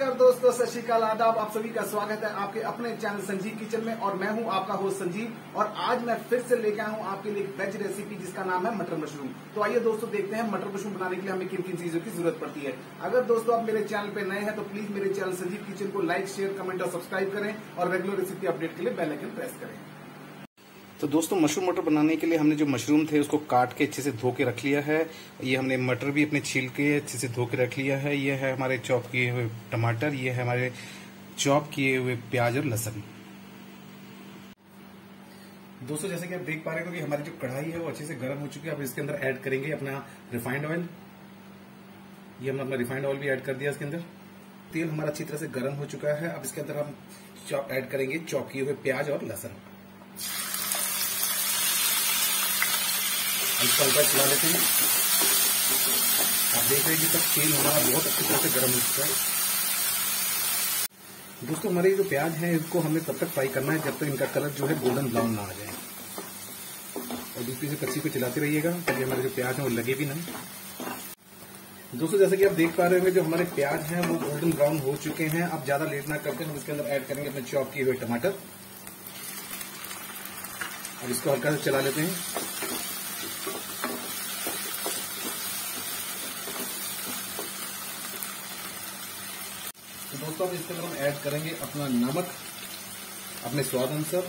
नमस्कार दोस्तों सत श्रीकाल आदाब आप सभी का स्वागत है आपके अपने चैनल संजीव किचन में और मैं हूं आपका होस्ट संजीव और आज मैं फिर से लेके आया हूं आपके लिए एक वेज रेसिपी जिसका नाम है मटर मशरूम तो आइए दोस्तों देखते हैं मटर मशरूम बनाने के लिए हमें किन किन चीजों की जरूरत पड़ती है अगर दोस्तों आप मेरे चैनल पर नए हैं तो प्लीज मेरे चैनल संजीव किचन को लाइक शेयर कमेंट और सब्सक्राइब करें और रेगुलर रेसिपी अपडेट के लिए बेलाइकन प्रेस करें तो दोस्तों मशरूम मटर बनाने के लिए हमने जो मशरूम थे उसको काट के अच्छे से धो के रख लिया है ये हमने मटर भी अपने छील के अच्छे से धो के रख लिया है ये है हमारे चॉप किए हुए टमाटर ये है हमारे चॉप किए हुए प्याज और लहसुन दोस्तों जैसे कि आप देख पा रहे हो कि हमारी जो कढ़ाई है वो अच्छे से गर्म हो चुकी है अब इसके अंदर ऐड करेंगे अपना रिफाइंड ऑयल ये हमने अपना रिफाइंड ऑयल भी ऐड कर दिया इसके अंदर तेल हमारा अच्छी तरह से गर्म हो चुका है अब इसके अंदर हम ऐड करेंगे चौकी हुए प्याज और लहसुन हल्का हल्का चला लेते हैं आप देख रहे हैं कि तक तेल हमारा बहुत अच्छी तरह से गर्म हो चुका है दोस्तों हमारे जो प्याज है इसको हमें तब तक फ्राई करना है जब तक इनका कलर जो है गोल्डन ब्राउन ना आ जाए और दूसरी से कच्ची को चलाते रहिएगा ताकि हमारे जो प्याज है वो लगे भी ना दोस्तों जैसे कि आप देख पा रहे होंगे जो हमारे प्याज हैं वो गोल्डन ब्राउन हो चुके हैं अब ज्यादा लेट ना करते हम इसके अंदर ऐड करेंगे अपने चॉप किए हुए टमाटर और इसको हल्का से चला लेते हैं तो दोस्तों अब इसके अंदर हम ऐड करेंगे अपना नमक अपने स्वाद अनुसार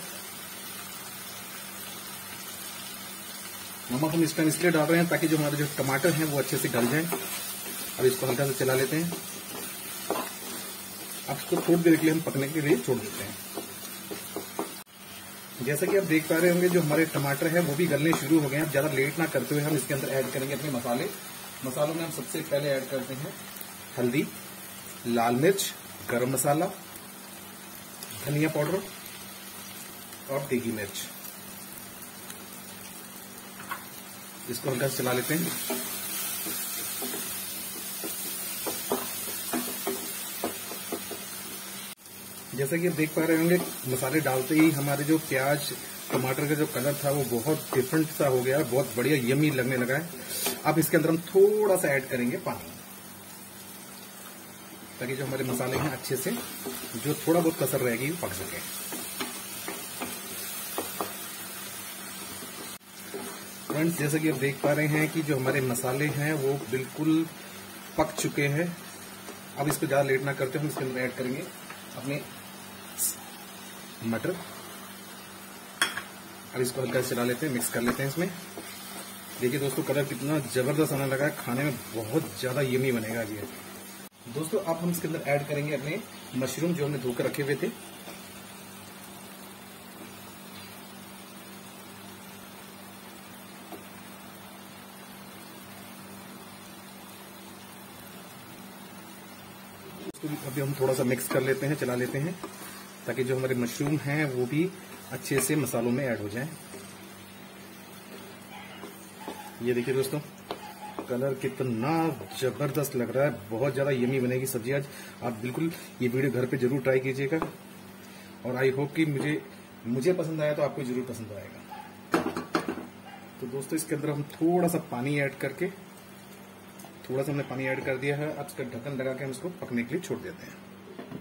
नमक हम इस टाइम इसलिए डाल रहे हैं ताकि जो हमारे जो टमाटर हैं वो अच्छे से गल जाए अब इसको हल्का से चला लेते हैं अब इसको थोड़ी देर के लिए हम पकने के लिए छोड़ देते हैं जैसा कि आप देख पा रहे होंगे जो हमारे टमाटर हैं वो भी गलने शुरू हो गए हैं अब ज्यादा लेट ना करते हुए हम इसके अंदर ऐड करेंगे अपने मसाले मसालों में हम सबसे पहले ऐड करते हैं हल्दी लाल मिर्च गरम मसाला धनिया पाउडर और तीखी मिर्च इसको हल्का चला लेते हैं जैसा कि आप देख पा रहे होंगे मसाले डालते ही हमारे जो प्याज टमाटर का जो कलर था वो बहुत डिफरेंट सा हो गया बहुत बढ़िया यमी लगने लगा है अब इसके अंदर हम थोड़ा सा ऐड करेंगे पानी ताकि जो हमारे मसाले हैं अच्छे से जो थोड़ा बहुत कसर रहेगी वो पक सके फ्रेंड्स जैसा कि आप देख पा रहे हैं कि जो हमारे मसाले हैं वो बिल्कुल पक चुके हैं अब इसको ज़्यादा लेट ना करते हम इसके अंदर ऐड करेंगे अपने मटर अब इसको हल्का चला लेते हैं मिक्स कर लेते हैं इसमें देखिए दोस्तों कलर कितना ज़बरदस्त आने लगा है खाने में बहुत ज़्यादा यमी बनेगा ये दोस्तों आप हम इसके अंदर ऐड करेंगे अपने मशरूम जो हमने धोकर रखे हुए थे तो अभी हम थोड़ा सा मिक्स कर लेते हैं चला लेते हैं ताकि जो हमारे मशरूम हैं वो भी अच्छे से मसालों में ऐड हो जाएं ये देखिए दोस्तों कलर कितना जबरदस्त लग रहा है बहुत ज्यादा यमी बनेगी सब्जी आज आप बिल्कुल ये वीडियो घर पे जरूर ट्राई कीजिएगा और आई होप कि मुझे मुझे पसंद आया तो आपको जरूर पसंद आएगा तो दोस्तों इसके अंदर हम थोड़ा सा पानी ऐड करके थोड़ा सा हमने पानी ऐड कर दिया है अब इसका ढक्कन लगा के हम इसको पकने के लिए छोड़ देते हैं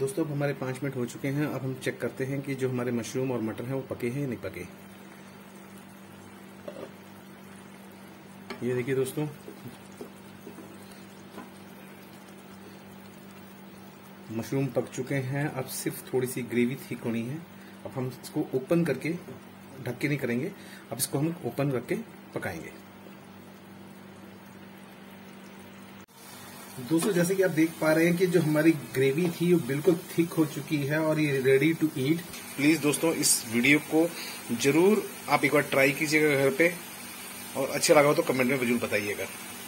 दोस्तों अब हमारे पांच मिनट हो चुके हैं अब हम चेक करते हैं कि जो हमारे मशरूम और मटर हैं वो पके हैं या नहीं पके ये देखिए दोस्तों मशरूम पक चुके हैं अब सिर्फ थोड़ी सी ग्रेवी ठीक होनी है अब हम इसको ओपन करके ढक्के नहीं करेंगे अब इसको हम ओपन करके पकाएंगे दोस्तों जैसे कि आप देख पा रहे हैं कि जो हमारी ग्रेवी थी वो बिल्कुल थिक हो चुकी है और ये रेडी टू ईट प्लीज दोस्तों इस वीडियो को जरूर आप एक बार ट्राई कीजिएगा घर पे और अच्छा लगा हो तो कमेंट में जरूर बताइएगा